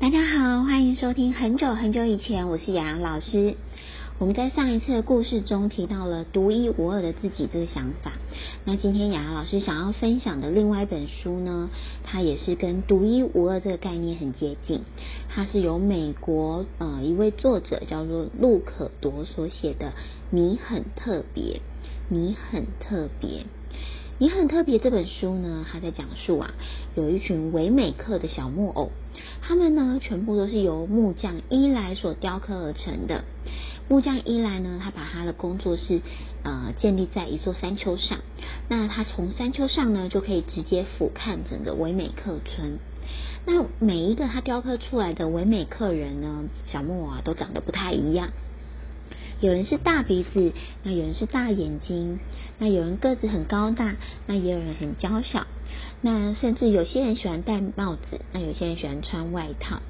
大家好，歡迎收聽。很久很久以前，我是雅雅老師。我們在上一次的故事中提到了“獨一無二的自己”這個想法。那今天雅雅老師想要分享的另外一本書呢，它也是跟“獨一無二”這個概念很接近。它是由美國呃一位作者叫做陸可鐸所寫的《你很特別，你很特別》。你很特別，這本書呢，它在講述啊，有一群微美克的小木偶，他們呢全部都是由木匠伊萊所雕刻而成的。木匠伊萊呢，他把他的工作室呃建立在一座山丘上，那他從山丘上呢就可以直接俯瞰整個微美克村。那每一個他雕刻出來的微美克人呢，小木偶啊都長得不太一樣。有人是大鼻子，那有人是大眼睛，那有人個子很高大，那也有人很嬌小，那甚至有些人喜歡戴帽子，那有些人喜歡穿外套。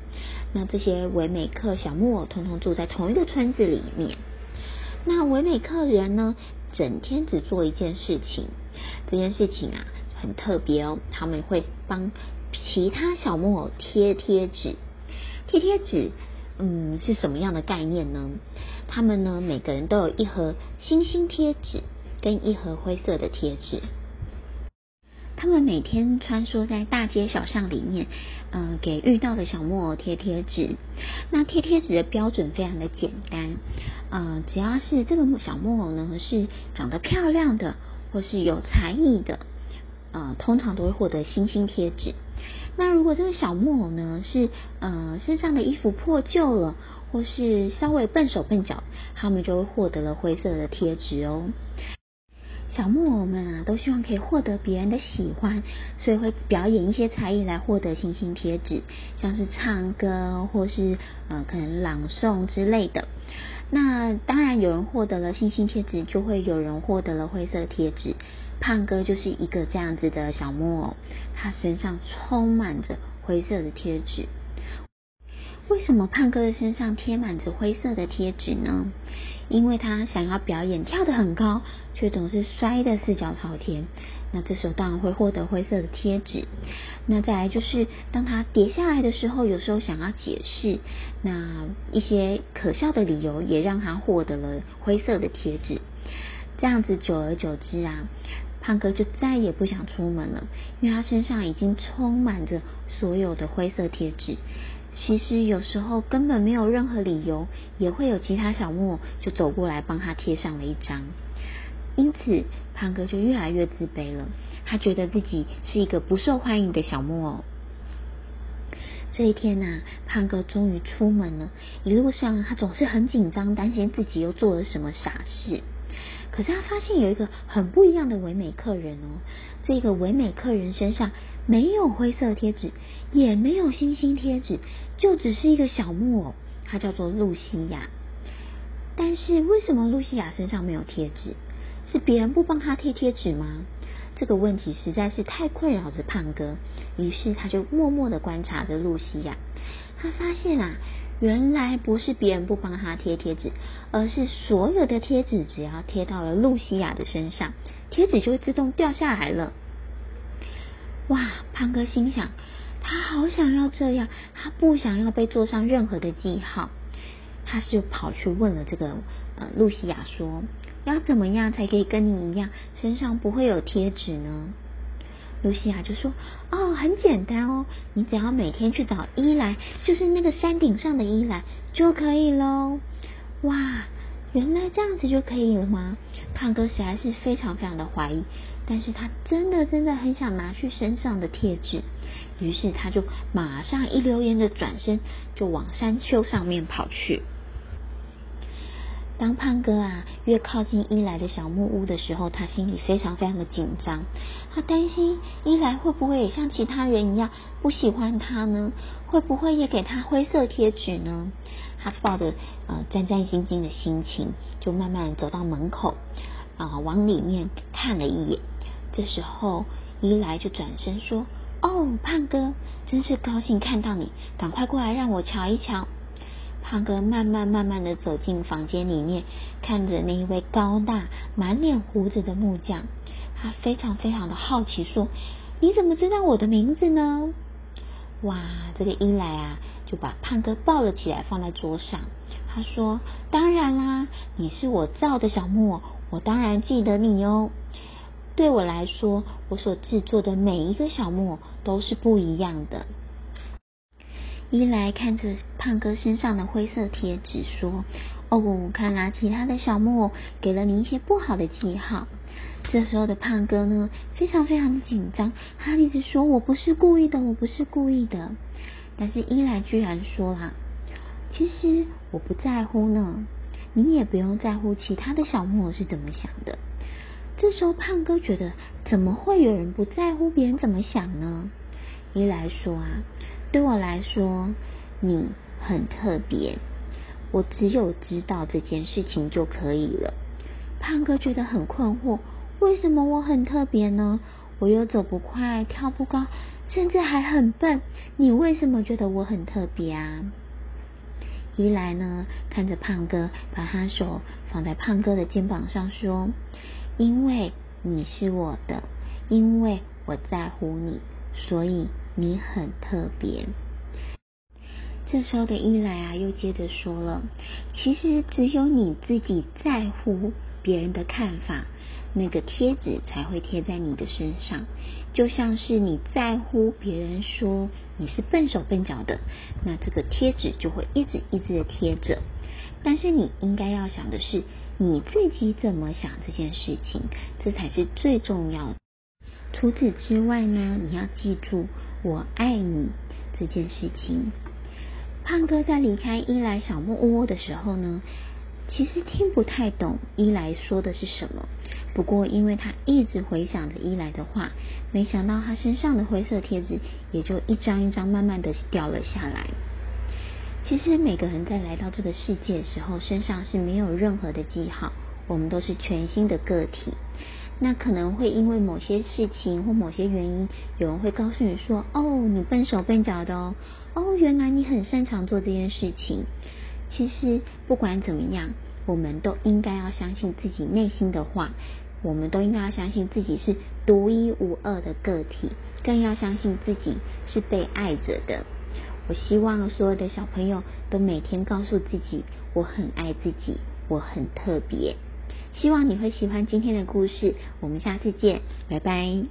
那這些微美克小木偶通通住在同一個村子裡面。那微美克人呢，整天只做一件事情，這件事情啊很特別哦，他們會幫其他小木偶貼貼紙。貼貼紙，嗯，是什麼樣的概念呢？他們呢，每個人都有一盒星星貼紙跟一盒灰色的貼紙。他們每天穿梭在大街小巷裡面，嗯、呃，給遇到的小木偶貼貼紙。那貼貼紙的標準非常的簡單，呃，只要是這個小木偶呢，是長得漂亮的，或是有才藝的，呃，通常都會獲得星星貼紙。那如果這個小木偶呢，是呃身上的衣服破舊了，或是稍微笨手笨腳，他們就會獲得了灰色的貼紙哦。小木偶們啊，都希望可以獲得別人的喜歡，所以會表演一些才藝來獲得星星貼紙，像是唱歌或是呃可能朗誦之類的。那當然有人獲得了星星貼紙，就會有人獲得了灰色貼紙。胖哥就是一個這樣子的小木偶，他身上充滿着灰色的貼紙。為什麼胖哥的身上貼滿着灰色的貼紙呢？因為他想要表演跳得很高，卻總是摔得四腳朝天。那這時候當然會獲得灰色的貼紙。那再來就是，當他跌下來的時候，有時候想要解釋那一些可笑的理由，也讓他獲得了灰色的貼紙。這樣子，久而久之啊。胖哥就再也不想出門了，因為他身上已經充滿着所有的灰色貼紙。其實有時候根本沒有任何理由，也會有其他小木偶就走過來幫他貼上了一張。因此，胖哥就越來越自卑了，他覺得自己是一個不受歡迎的小木偶。這一天吶、啊，胖哥終於出門了，一路上他總是很緊張，擔心自己又做了什麼傻事。可是他發現有一個很不一樣的微美克人哦，這個微美克人身上沒有灰色貼紙，也沒有星星貼紙，就只是一個小木偶，他叫做露西亞。但是為什麼露西亞身上沒有貼紙？是別人不幫他貼貼紙嗎？這個問題實在是太困擾着胖哥，於是他就默默地觀察着露西亞，他發現啊。原來不是別人不幫他貼貼紙，而是所有的貼紙只要貼到了露西亞的身上，貼紙就會自動掉下來了。哇！胖哥心想，他好想要這樣，他不想要被做上任何的記號。他是跑去問了這個呃露西亞說，說要怎麼樣才可以跟你一樣，身上不會有貼紙呢？露西亞就說：“哦，很簡單哦，你只要每天去找伊萊，就是那個山頂上的伊萊就可以嘍。”哇，原來這樣子就可以了嗎？胖哥實在是非常非常的懷疑，但是他真的真的很想拿去身上的貼紙，於是他就馬上一溜煙的轉身，就往山丘上面跑去。當胖哥啊越靠近伊萊的小木屋的時候，他心裡非常非常的緊張，他擔心伊萊會不會也像其他人一樣不喜歡他呢？會不會也給他灰色貼紙呢？他抱着呃戰戰兢兢的心情，就慢慢走到門口，啊、呃，往裡面看了一眼。這時候，伊萊就轉身說：“哦，胖哥，真是高興看到你，趕快過來讓我瞧一瞧。”胖哥慢慢慢慢的走進房間裡面，看着那一位高大、滿臉鬍子的木匠，他非常非常的好奇，說：“你怎麼知道我的名字呢？”哇，這個伊萊啊，就把胖哥抱了起來，放在桌上。他說：“當然啦，你是我造的小木偶，我當然記得你哦。對我來說，我所制作的每一個小木偶都是不一樣的。”伊萊看着胖哥身上的灰色貼紙，說：“哦，我看來、啊、其他的小木偶給了你一些不好的記號。”這時候的胖哥呢，非常非常緊張，他一直說：“我不是故意的，我不是故意的。”但是伊萊居然說、啊：“啦，其實我不在乎呢，你也不用在乎其他的小木偶是怎麼想的。”這時候胖哥覺得，怎麼會有人不在乎別人怎麼想呢？伊萊說：“啊。”對我來說，你很特別。我只有知道這件事情就可以了。胖哥覺得很困惑，為什麼我很特別呢？我又走不快，跳不高，甚至還很笨。你為什麼覺得我很特別啊？一來呢，看着胖哥，把他手放在胖哥的肩膀上，說：“因為你是我的，因為我在乎你。”所以你很特別。這時候的伊萊啊，又接着說了：“其實只有你自己在乎別人的看法，那個貼紙才會貼在你的身上。就像是你在乎別人說你是笨手笨腳的，那這個貼紙就會一直一直的貼着。但是你應該要想的是你自己怎麼想這件事情，這才是最重要的。”除此之外呢，你要記住“我愛你”這件事情。胖哥在離開伊萊小木屋的時候呢，其實聽不太懂伊萊說的是什麼。不過，因為他一直回想着伊萊的話，沒想到他身上的灰色貼紙也就一張一張慢慢的掉了下來。其實，每個人在來到這個世界的時候，身上是沒有任何的記號，我們都是全新的個體。那可能會因為某些事情或某些原因，有人會告訴你說：“哦，你笨手笨腳的哦。”哦，原來你很擅長做這件事情。其實不管怎麼樣，我們都應該要相信自己內心的話，我們都應該要相信自己是獨一無二的個體，更要相信自己是被愛着的。我希望所有的小朋友都每天告訴自己：“我很愛自己，我很特別。”希望你會喜歡今天的故事，我們下次見，拜拜。